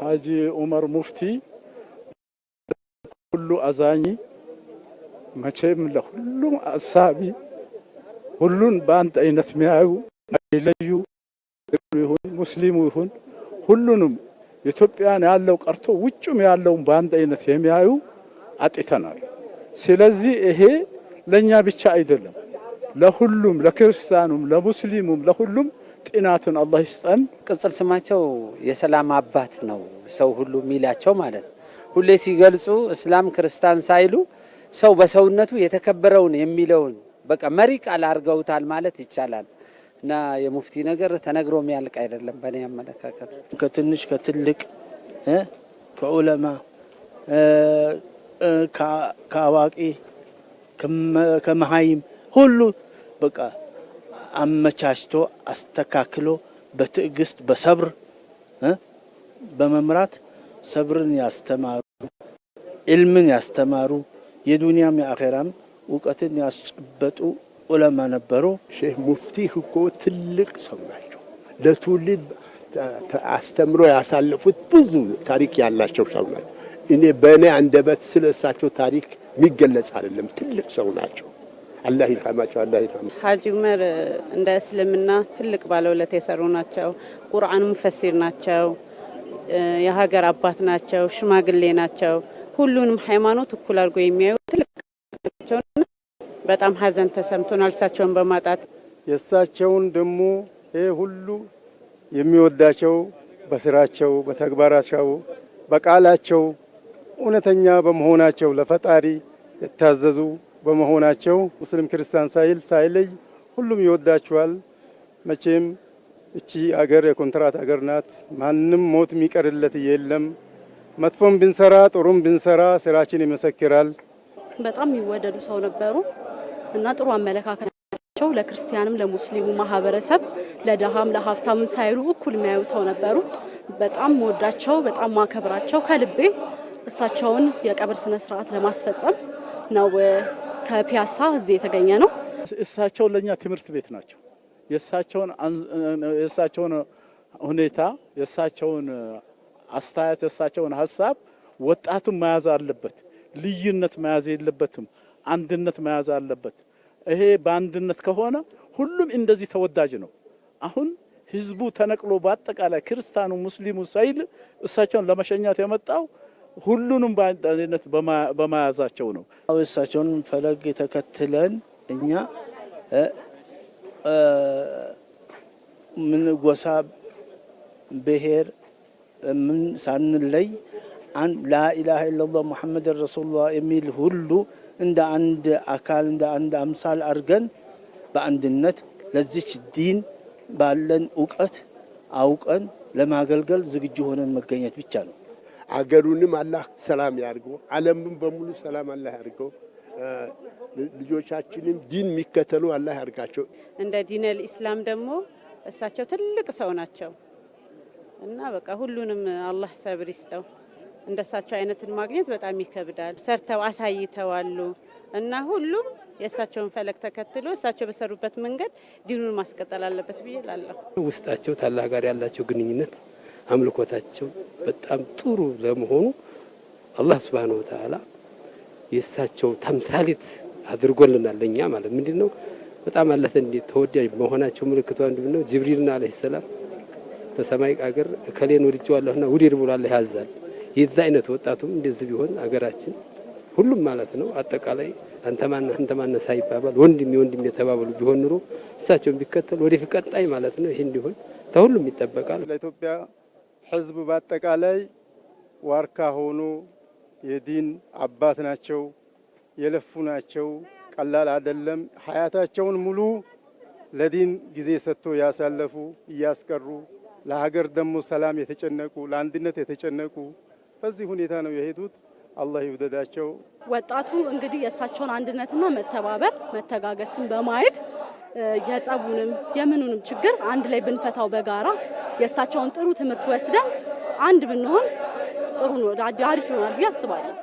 ሀጂ ኡመር ሙፍቲ ሁሉ አዛኝ መቼም ለሁሉም አሳቢ ሁሉን በአንድ አይነት የሚያዩ አይለዩ፣ ይሁን ሙስሊሙ ይሁን ሁሉንም ኢትዮጵያን ያለው ቀርቶ ውጭም ያለውን በአንድ አይነት የሚያዩ አጥተናል። ስለዚህ ይሄ ለእኛ ብቻ አይደለም፣ ለሁሉም ለክርስቲያኑም፣ ለሙስሊሙም፣ ለሁሉም ጤናትን አላህ ይስጠን። ቅጽል ስማቸው የሰላም አባት ነው ሰው ሁሉ የሚላቸው ማለት ሁሌ ሲገልጹ እስላም ክርስቲያን ሳይሉ ሰው በሰውነቱ የተከበረውን የሚለውን በቃ መሪ ቃል አድርገውታል ማለት ይቻላል። እና የሙፍቲ ነገር ተነግሮ የሚያልቅ አይደለም። በእኔ አመለካከት ከትንሽ ከትልቅ ከዑለማ ከአዋቂ ከመሀይም ሁሉ በቃ አመቻችቶ አስተካክሎ በትዕግስት በሰብር በመምራት ሰብርን ያስተማሩ ኢልምን ያስተማሩ የዱንያም የአኼራም እውቀትን ያስጨበጡ ዑለማ ነበሩ። ሼህ ሙፍቲ እኮ ትልቅ ሰው ናቸው። ለትውልድ አስተምሮ ያሳለፉት ብዙ ታሪክ ያላቸው ሰው ናቸው። እኔ በእኔ አንደበት ስለ እሳቸው ታሪክ የሚገለጽ አይደለም። ትልቅ ሰው ናቸው። አላህ ይርሐማቸው። አላህ ይርሐማ ሀጂ ዑመር እንደ እስልምና ትልቅ ባለውለት የሰሩ ናቸው። ቁርአን ሙፈሲር ናቸው። የሀገር አባት ናቸው። ሽማግሌ ናቸው። ሁሉንም ሃይማኖት እኩል አድርጎ የሚያዩ ትልቅ ናቸው። በጣም ሀዘን ተሰምቶናል እሳቸውን በማጣት የእሳቸውን ደግሞ ይህ ሁሉ የሚወዳቸው በስራቸው፣ በተግባራቸው፣ በቃላቸው እውነተኛ በመሆናቸው ለፈጣሪ የታዘዙ በመሆናቸው ሙስሊም ክርስቲያን ሳይል ሳይለይ ሁሉም ይወዳቸዋል መቼም እቺ አገር የኮንትራት አገር ናት። ማንም ሞት የሚቀርለት የለም። መጥፎም ብንሰራ ጥሩም ብንሰራ ስራችን ይመሰክራል። በጣም የሚወደዱ ሰው ነበሩ እና ጥሩ አመለካከት ናቸው። ለክርስቲያንም ለሙስሊሙ ማህበረሰብ ለደሃም ለሀብታምም ሳይሉ እኩል የሚያዩ ሰው ነበሩ። በጣም መወዳቸው፣ በጣም ማከብራቸው ከልቤ እሳቸውን የቀብር ስነስርዓት ለማስፈጸም ነው ከፒያሳ እዚህ የተገኘ ነው። እሳቸው ለእኛ ትምህርት ቤት ናቸው። የእሳቸውን ሁኔታ፣ የእሳቸውን አስተያየት፣ የእሳቸውን ሀሳብ ወጣቱ መያዝ አለበት። ልዩነት መያዝ የለበትም። አንድነት መያዝ አለበት። ይሄ በአንድነት ከሆነ ሁሉም እንደዚህ ተወዳጅ ነው። አሁን ህዝቡ ተነቅሎ በአጠቃላይ ክርስቲያኑ፣ ሙስሊሙ ሳይል እሳቸውን ለመሸኛት የመጣው ሁሉንም በአንድነት በመያዛቸው ነው። እሳቸውን ፈለግ ተከትለን እኛ ምን ጎሳ፣ ብሔር ምን ሳንለይ ላኢላሃ ኢለላህ ሙሐመድ ረሱሉላህ የሚል ሁሉ እንደ አንድ አካል እንደ አንድ አምሳል አድርገን በአንድነት ለዚች ዲን ባለን እውቀት አውቀን ለማገልገል ዝግጁ ሆነን መገኘት ብቻ ነው። አገሩንም አላህ ሰላም ያርገው ዓለምን በሙሉ ሰላም አላህ ያርገው ልጆቻችንም ዲን የሚከተሉ አላህ ያድርጋቸው። እንደ ዲነል ኢስላም ደግሞ እሳቸው ትልቅ ሰው ናቸው እና በቃ ሁሉንም አላህ ሰብር ይስጠው። እንደ እሳቸው አይነትን ማግኘት በጣም ይከብዳል። ሰርተው አሳይተዋሉ እና ሁሉም የእሳቸውን ፈለግ ተከትሎ እሳቸው በሰሩበት መንገድ ዲኑን ማስቀጠል አለበት ብዬ ላለሁ ውስጣቸው ታላህ ጋር ያላቸው ግንኙነት አምልኮታቸው በጣም ጥሩ ለመሆኑ አላህ ስብሓነ ወተዓላ የእሳቸው ተምሳሌት አድርጎልናል። ለእኛ ማለት ምንድን ነው? በጣም አላህ ዘንድ ተወዳጅ መሆናቸው ምልክቱ አንዱ ነው። ጅብሪልና አለይሂ ሰላም በሰማይ አገር እከሌን ወድጄዋለሁና ውደድ ብሎ አላህ ያዛል። የዛ አይነት ወጣቱም እንደዚህ ቢሆን አገራችን ሁሉም ማለት ነው አጠቃላይ አንተ ማነህ አንተ ማነህ ሳይባባል ወንድም ወንድሜ የተባበሉ ቢሆን ኑሮ እሳቸውን ቢከተል ወደፊት ቀጣይ ማለት ነው ይህ እንዲሆን ተሁሉም ይጠበቃል። ለኢትዮጵያ ህዝብ በአጠቃላይ ዋርካ ሆኖ የዲን አባት ናቸው፣ የለፉ ናቸው። ቀላል አይደለም። ሀያታቸውን ሙሉ ለዲን ጊዜ ሰጥቶ ያሳለፉ እያስቀሩ ለሀገር ደግሞ ሰላም የተጨነቁ ለአንድነት የተጨነቁ በዚህ ሁኔታ ነው የሄዱት። አላህ ይውደዳቸው። ወጣቱ እንግዲህ የእሳቸውን አንድነትና መተባበር መተጋገስን በማየት የጸቡንም የምኑንም ችግር አንድ ላይ ብንፈታው በጋራ የእሳቸውን ጥሩ ትምህርት ወስደን አንድ ብንሆን ጥሩ ነው፣ አሪፍ ይሆናል ብዬ አስባለሁ።